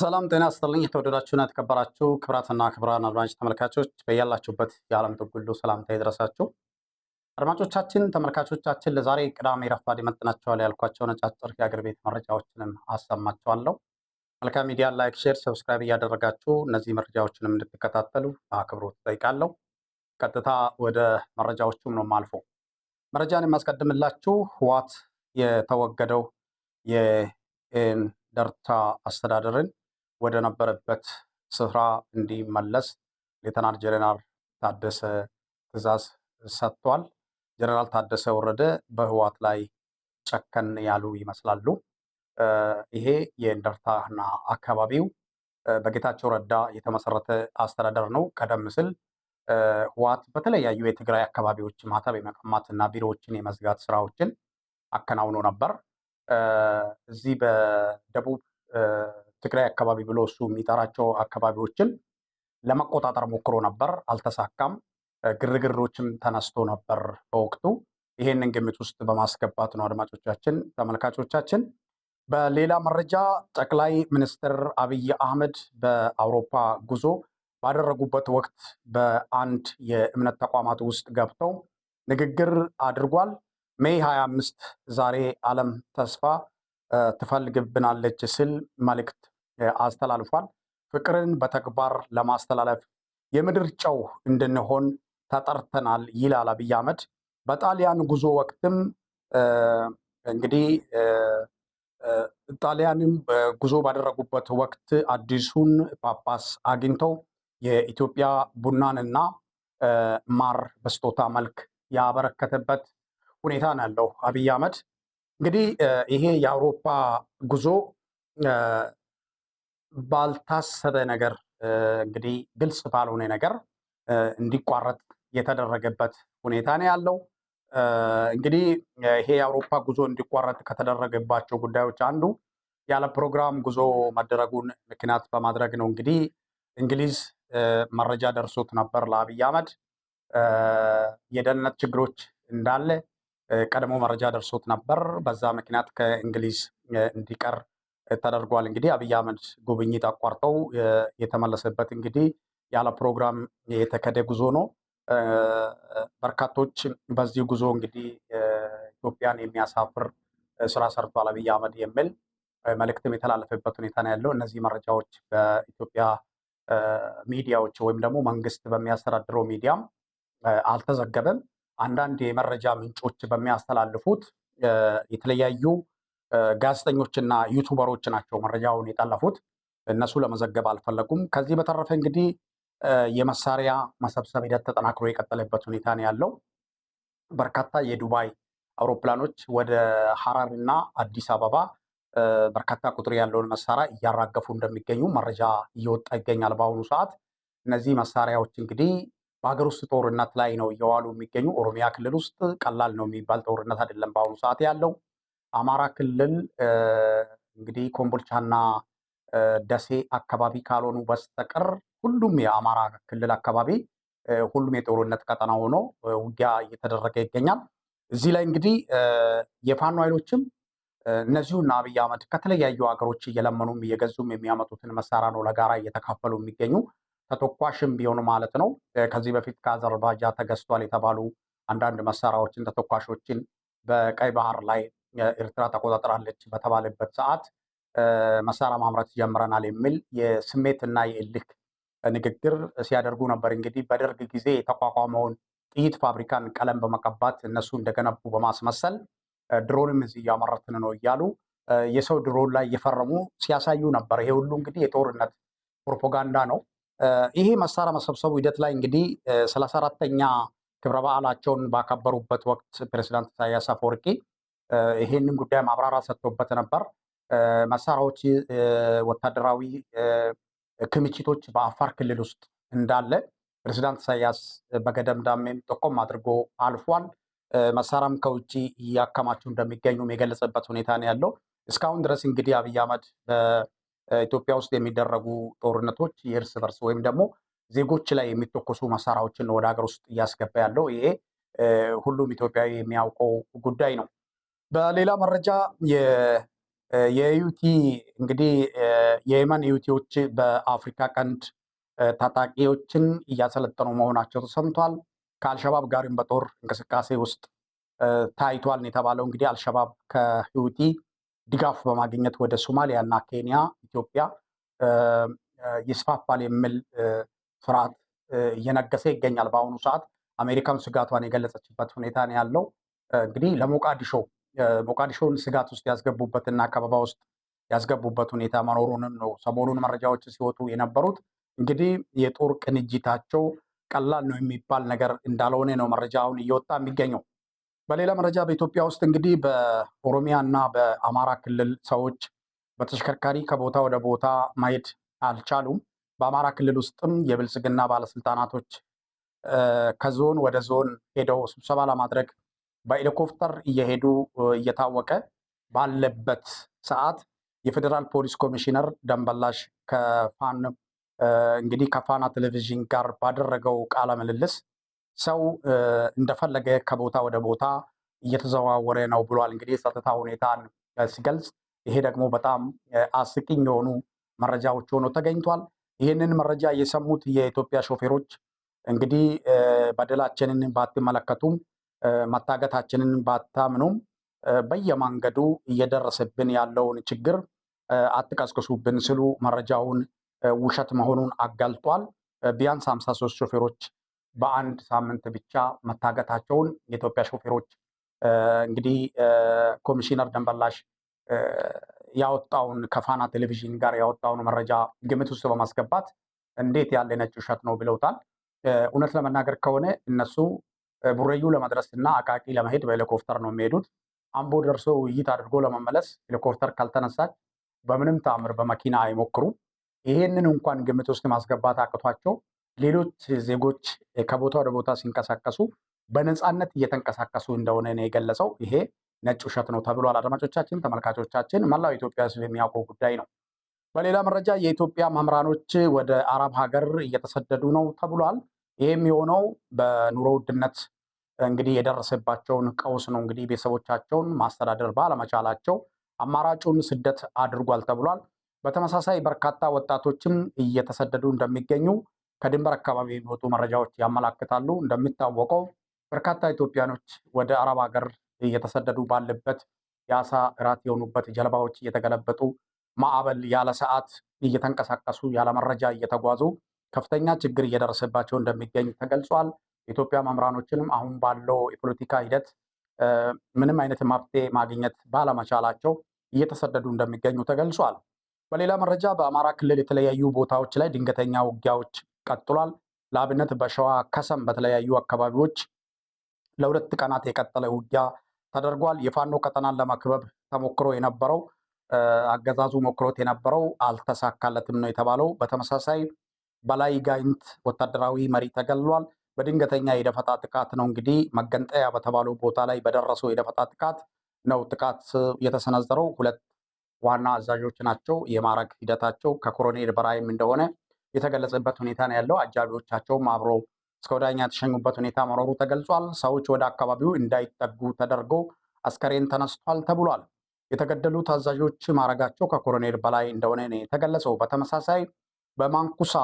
ሰላም ጤና ስጥልኝ። የተወደዳችሁና የተከበራችሁ ክብራትና ክብራን አድማጭ ተመልካቾች በያላችሁበት የዓለም ጥግ ሁሉ ሰላምታ ይድረሳችሁ። አድማጮቻችን፣ ተመልካቾቻችን ለዛሬ ቅዳሜ ረፋድ ይመጥናቸዋል ያልኳቸው ነጫጭር የአገር ቤት መረጃዎችንም አሰማችኋለሁ። መልካም ሚዲያ ላይክ፣ ሼር፣ ሰብስክራይብ እያደረጋችሁ እነዚህ መረጃዎችንም እንድትከታተሉ በአክብሮት ጠይቃለሁ ቀጥታ ወደ መረጃዎቹም ነው ማልፎ መረጃን የማስቀድምላችሁ ህዋት የተወገደው የደርታ አስተዳደርን ወደ ነበረበት ስፍራ እንዲመለስ ሌተናል ጀነራል ታደሰ ትእዛዝ ሰጥቷል። ጀነራል ታደሰ ወረደ በህዋት ላይ ጨከን ያሉ ይመስላሉ። ይሄ የእንደርታና አካባቢው በጌታቸው ረዳ የተመሰረተ አስተዳደር ነው። ቀደም ሲል ህዋት በተለያዩ የትግራይ አካባቢዎች ማተብ የመቀማትና ቢሮዎችን የመዝጋት ስራዎችን አከናውኖ ነበር። እዚህ በደቡብ ትግራይ አካባቢ ብሎ እሱ የሚጠራቸው አካባቢዎችን ለመቆጣጠር ሞክሮ ነበር፣ አልተሳካም። ግርግሮችም ተነስቶ ነበር በወቅቱ። ይሄንን ግምት ውስጥ በማስገባት ነው አድማጮቻችን፣ ተመልካቾቻችን። በሌላ መረጃ ጠቅላይ ሚኒስትር አብይ አህመድ በአውሮፓ ጉዞ ባደረጉበት ወቅት በአንድ የእምነት ተቋማት ውስጥ ገብተው ንግግር አድርጓል። ሜይ 25 ዛሬ ዓለም ተስፋ ትፈልግብናለች ስል መልእክት አስተላልፏል። ፍቅርን በተግባር ለማስተላለፍ የምድር ጨው እንድንሆን ተጠርተናል ይላል አብይ አህመድ። በጣሊያን ጉዞ ወቅትም እንግዲህ ጣሊያንም ጉዞ ባደረጉበት ወቅት አዲሱን ጳጳስ አግኝተው የኢትዮጵያ ቡናንና ማር በስጦታ መልክ ያበረከተበት ሁኔታ ነው ያለው አብይ አህመድ። እንግዲህ ይሄ የአውሮፓ ጉዞ ባልታሰበ ነገር እንግዲህ ግልጽ ባልሆነ ነገር እንዲቋረጥ የተደረገበት ሁኔታ ነው ያለው። እንግዲህ ይሄ የአውሮፓ ጉዞ እንዲቋረጥ ከተደረገባቸው ጉዳዮች አንዱ ያለ ፕሮግራም ጉዞ መደረጉን ምክንያት በማድረግ ነው። እንግዲህ እንግሊዝ መረጃ ደርሶት ነበር ለአብይ አህመድ የደህንነት ችግሮች እንዳለ ቀድሞ መረጃ ደርሶት ነበር። በዛ ምክንያት ከእንግሊዝ እንዲቀር ተደርጓል። እንግዲህ አብይ አህመድ ጉብኝት አቋርጠው የተመለሰበት እንግዲህ ያለ ፕሮግራም የተከደ ጉዞ ነው። በርካቶች በዚህ ጉዞ እንግዲህ ኢትዮጵያን የሚያሳፍር ስራ ሰርቷል አብይ አህመድ የሚል መልእክትም የተላለፈበት ሁኔታ ነው ያለው። እነዚህ መረጃዎች በኢትዮጵያ ሚዲያዎች ወይም ደግሞ መንግስት በሚያስተዳድረው ሚዲያም አልተዘገበም። አንዳንድ የመረጃ ምንጮች በሚያስተላልፉት የተለያዩ ጋዜጠኞችና ዩቱበሮች ናቸው መረጃውን የጠለፉት። እነሱ ለመዘገብ አልፈለጉም። ከዚህ በተረፈ እንግዲህ የመሳሪያ መሰብሰብ ሂደት ተጠናክሮ የቀጠለበት ሁኔታ ነው ያለው። በርካታ የዱባይ አውሮፕላኖች ወደ ሐራር እና አዲስ አበባ በርካታ ቁጥር ያለውን መሳሪያ እያራገፉ እንደሚገኙ መረጃ እየወጣ ይገኛል። በአሁኑ ሰዓት እነዚህ መሳሪያዎች እንግዲህ በሀገር ውስጥ ጦርነት ላይ ነው እየዋሉ የሚገኙ። ኦሮሚያ ክልል ውስጥ ቀላል ነው የሚባል ጦርነት አይደለም በአሁኑ ሰዓት ያለው። አማራ ክልል እንግዲህ ኮምቦልቻና ደሴ አካባቢ ካልሆኑ በስተቀር ሁሉም የአማራ ክልል አካባቢ ሁሉም የጦርነት ቀጠና ሆኖ ውጊያ እየተደረገ ይገኛል። እዚህ ላይ እንግዲህ የፋኖ ኃይሎችም እነዚሁና አብይ አህመድ ከተለያዩ ሀገሮች እየለመኑም እየገዙም የሚያመጡትን መሳሪያ ነው ለጋራ እየተካፈሉ የሚገኙ ተተኳሽም ቢሆኑ ማለት ነው። ከዚህ በፊት ከአዘርባጃ ተገዝቷል የተባሉ አንዳንድ መሳሪያዎችን ተተኳሾችን በቀይ ባህር ላይ ኤርትራ ተቆጣጥራለች በተባለበት ሰዓት መሳሪያ ማምረት ጀምረናል የሚል የስሜትና የእልክ ንግግር ሲያደርጉ ነበር። እንግዲህ በደርግ ጊዜ የተቋቋመውን ጥይት ፋብሪካን ቀለም በመቀባት እነሱ እንደገነቡ በማስመሰል ድሮንም እዚህ እያመረትን ነው እያሉ የሰው ድሮን ላይ እየፈረሙ ሲያሳዩ ነበር። ይሄ ሁሉ እንግዲህ የጦርነት ፕሮፓጋንዳ ነው። ይሄ መሳሪያ መሰብሰቡ ሂደት ላይ እንግዲህ ሰላሳ አራተኛ ክብረ በዓላቸውን ባከበሩበት ወቅት ፕሬዚዳንት ኢሳያስ አፈወርቂ ይሄንም ጉዳይ ማብራሪያ ሰጥቶበት ነበር። መሳሪያዎች፣ ወታደራዊ ክምችቶች በአፋር ክልል ውስጥ እንዳለ ፕሬዚዳንት ኢሳያስ በገደምዳሜም ጥቆም አድርጎ አልፏል። መሳሪያም ከውጭ እያከማቸው እንደሚገኙም የገለጸበት ሁኔታ ነው ያለው። እስካሁን ድረስ እንግዲህ አብይ አህመድ በኢትዮጵያ ውስጥ የሚደረጉ ጦርነቶች የእርስ በርስ ወይም ደግሞ ዜጎች ላይ የሚተኮሱ መሳሪያዎችን ወደ ሀገር ውስጥ እያስገባ ያለው ይሄ ሁሉም ኢትዮጵያዊ የሚያውቀው ጉዳይ ነው። በሌላ መረጃ የዩቲ እንግዲህ የየመን ዩቲዎች በአፍሪካ ቀንድ ታጣቂዎችን እያሰለጠኑ መሆናቸው ተሰምቷል። ከአልሸባብ ጋርም በጦር እንቅስቃሴ ውስጥ ታይቷል የተባለው እንግዲህ አልሸባብ ከዩቲ ድጋፍ በማግኘት ወደ ሶማሊያ እና ኬንያ፣ ኢትዮጵያ ይስፋፋል የሚል ፍርሃት እየነገሰ ይገኛል። በአሁኑ ሰዓት አሜሪካም ስጋቷን የገለጸችበት ሁኔታ ነው ያለው። እንግዲህ ለሞቃዲሾ የሞቃዲሾውን ስጋት ውስጥ ያስገቡበትና አካባቢ ውስጥ ያስገቡበት ሁኔታ መኖሩንም ነው ሰሞኑን መረጃዎች ሲወጡ የነበሩት። እንግዲህ የጦር ቅንጅታቸው ቀላል ነው የሚባል ነገር እንዳልሆነ ነው መረጃውን እየወጣ የሚገኘው። በሌላ መረጃ በኢትዮጵያ ውስጥ እንግዲህ በኦሮሚያ እና በአማራ ክልል ሰዎች በተሽከርካሪ ከቦታ ወደ ቦታ ማሄድ አልቻሉም። በአማራ ክልል ውስጥም የብልጽግና ባለስልጣናቶች ከዞን ወደ ዞን ሄደው ስብሰባ ለማድረግ በሄሊኮፕተር እየሄዱ እየታወቀ ባለበት ሰዓት የፌዴራል ፖሊስ ኮሚሽነር ደንበላሽ ከፋን እንግዲህ ከፋና ቴሌቪዥን ጋር ባደረገው ቃለ ምልልስ ሰው እንደፈለገ ከቦታ ወደ ቦታ እየተዘዋወረ ነው ብሏል። እንግዲህ የጸጥታ ሁኔታን ሲገልጽ ይሄ ደግሞ በጣም አስቂኝ የሆኑ መረጃዎች ሆኖ ተገኝቷል። ይህንን መረጃ የሰሙት የኢትዮጵያ ሾፌሮች እንግዲህ በደላችንን ባትመለከቱም መታገታችንን ባታምኑም በየመንገዱ እየደረሰብን ያለውን ችግር አትቀስቅሱብን ስሉ መረጃውን ውሸት መሆኑን አጋልጧል። ቢያንስ 53 ሾፌሮች በአንድ ሳምንት ብቻ መታገታቸውን የኢትዮጵያ ሾፌሮች እንግዲህ ኮሚሽነር ደንበላሽ ያወጣውን ከፋና ቴሌቪዥን ጋር ያወጣውን መረጃ ግምት ውስጥ በማስገባት እንዴት ያለ ነጭ ውሸት ነው ብለውታል። እውነት ለመናገር ከሆነ እነሱ ቡሬዩ ለመድረስ እና አቃቂ ለመሄድ በሄሊኮፕተር ነው የሚሄዱት። አምቦ ደርሶ ውይይት አድርጎ ለመመለስ ሄሊኮፕተር ካልተነሳች በምንም ተአምር በመኪና አይሞክሩ። ይሄንን እንኳን ግምት ውስጥ ማስገባት አቅቷቸው ሌሎች ዜጎች ከቦታ ወደ ቦታ ሲንቀሳቀሱ በነፃነት እየተንቀሳቀሱ እንደሆነ ነው የገለጸው። ይሄ ነጭ ውሸት ነው ተብሏል። አድማጮቻችን፣ ተመልካቾቻችን መላው ኢትዮጵያ ሕዝብ የሚያውቀው ጉዳይ ነው። በሌላ መረጃ የኢትዮጵያ መምህራኖች ወደ አረብ ሀገር እየተሰደዱ ነው ተብሏል። ይህ የሚሆነው በኑሮ ውድነት እንግዲህ የደረሰባቸውን ቀውስ ነው። እንግዲህ ቤተሰቦቻቸውን ማስተዳደር ባለመቻላቸው አማራጩን ስደት አድርጓል ተብሏል። በተመሳሳይ በርካታ ወጣቶችም እየተሰደዱ እንደሚገኙ ከድንበር አካባቢ የሚወጡ መረጃዎች ያመላክታሉ። እንደሚታወቀው በርካታ ኢትዮጵያኖች ወደ አረብ ሀገር እየተሰደዱ ባለበት የአሳ እራት የሆኑበት ጀልባዎች እየተገለበጡ ማዕበል ያለ ሰዓት እየተንቀሳቀሱ ያለ መረጃ እየተጓዙ ከፍተኛ ችግር እየደረሰባቸው እንደሚገኝ ተገልጿል። የኢትዮጵያ መምህራኖችንም አሁን ባለው የፖለቲካ ሂደት ምንም አይነት መፍትሔ ማግኘት ባለመቻላቸው እየተሰደዱ እንደሚገኙ ተገልጿል። በሌላ መረጃ በአማራ ክልል የተለያዩ ቦታዎች ላይ ድንገተኛ ውጊያዎች ቀጥሏል። ለአብነት በሸዋ ከሰም በተለያዩ አካባቢዎች ለሁለት ቀናት የቀጠለ ውጊያ ተደርጓል። የፋኖ ቀጠናን ለመክበብ ተሞክሮ የነበረው አገዛዙ ሞክሮት የነበረው አልተሳካለትም ነው የተባለው። በተመሳሳይ በላይ ጋይንት ወታደራዊ መሪ ተገሏል። በድንገተኛ የደፈጣ ጥቃት ነው እንግዲህ መገንጠያ በተባለው ቦታ ላይ በደረሰው የደፈጣ ጥቃት ነው ጥቃት የተሰነዘረው። ሁለት ዋና አዛዦች ናቸው። የማዕረግ ሂደታቸው ከኮሎኔል በላይም እንደሆነ የተገለጸበት ሁኔታ ነው ያለው። አጃቢዎቻቸውም አብሮ እስከ ወዳኛ የተሸኙበት ሁኔታ መኖሩ ተገልጿል። ሰዎች ወደ አካባቢው እንዳይጠጉ ተደርጎ አስከሬን ተነስቷል ተብሏል። የተገደሉት አዛዦች ማዕረጋቸው ከኮሎኔል በላይ እንደሆነ ነው የተገለጸው። በተመሳሳይ በማንኩሳ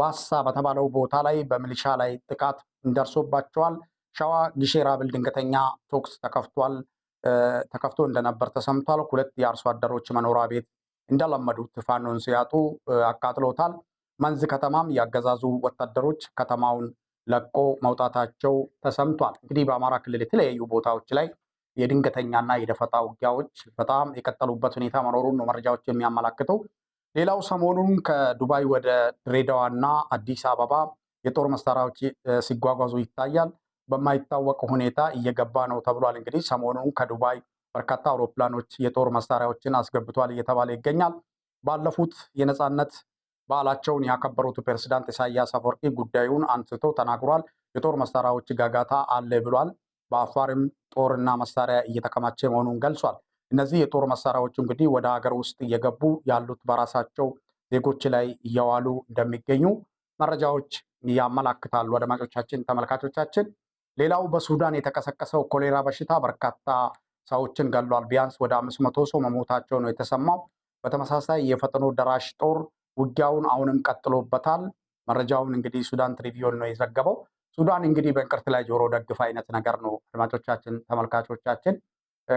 ዋሳ በተባለው ቦታ ላይ በሚሊሻ ላይ ጥቃት ደርሶባቸዋል። ሸዋ ጊሼ ብል ድንገተኛ ተኩስ ተከፍቷል ተከፍቶ እንደነበር ተሰምቷል። ሁለት የአርሶ አደሮች መኖሪያ ቤት እንደለመዱት ፋኖን ሲያጡ አቃጥሎታል። መንዝ ከተማም ያገዛዙ ወታደሮች ከተማውን ለቆ መውጣታቸው ተሰምቷል። እንግዲህ በአማራ ክልል የተለያዩ ቦታዎች ላይ የድንገተኛና የደፈጣ ውጊያዎች በጣም የቀጠሉበት ሁኔታ መኖሩን ነው መረጃዎች የሚያመላክተው። ሌላው ሰሞኑን ከዱባይ ወደ ድሬዳዋና አዲስ አበባ የጦር መሳሪያዎች ሲጓጓዙ ይታያል። በማይታወቅ ሁኔታ እየገባ ነው ተብሏል። እንግዲህ ሰሞኑን ከዱባይ በርካታ አውሮፕላኖች የጦር መሳሪያዎችን አስገብቷል እየተባለ ይገኛል። ባለፉት የነፃነት በዓላቸውን ያከበሩት ፕሬዝዳንት ኢሳያስ አፈወርቂ ጉዳዩን አንስቶ ተናግሯል። የጦር መሳሪያዎች ጋጋታ አለ ብሏል። በአፋርም ጦርና መሳሪያ እየተከማቸ መሆኑን ገልጿል። እነዚህ የጦር መሳሪያዎች እንግዲህ ወደ ሀገር ውስጥ እየገቡ ያሉት በራሳቸው ዜጎች ላይ እየዋሉ እንደሚገኙ መረጃዎች ያመላክታሉ። አድማጮቻችን፣ ተመልካቾቻችን ሌላው በሱዳን የተቀሰቀሰው ኮሌራ በሽታ በርካታ ሰዎችን ገሏል። ቢያንስ ወደ አምስት መቶ ሰው መሞታቸው ነው የተሰማው። በተመሳሳይ የፈጥኖ ደራሽ ጦር ውጊያውን አሁንም ቀጥሎበታል። መረጃውን እንግዲህ ሱዳን ትሪቢዮን ነው የዘገበው። ሱዳን እንግዲህ በእንቅርት ላይ ጆሮ ደግፍ አይነት ነገር ነው። አድማጮቻችን፣ ተመልካቾቻችን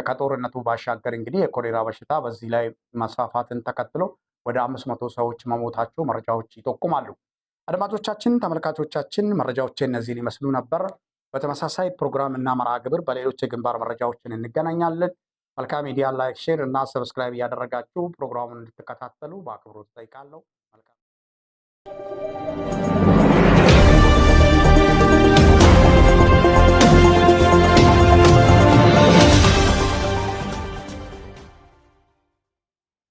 ከጦርነቱ ባሻገር እንግዲህ የኮሌራ በሽታ በዚህ ላይ መስፋፋትን ተከትሎ ወደ አምስት መቶ ሰዎች መሞታቸው መረጃዎች ይጠቁማሉ። አድማጮቻችን፣ ተመልካቾቻችን መረጃዎች እነዚህን ይመስሉ ነበር። በተመሳሳይ ፕሮግራም እና መርሃ ግብር በሌሎች የግንባር መረጃዎችን እንገናኛለን። መልካም ሚዲያ ላይክ፣ ሼር እና ሰብስክራይብ እያደረጋችሁ ፕሮግራሙን እንድትከታተሉ በአክብሮት ጠይቃለሁ።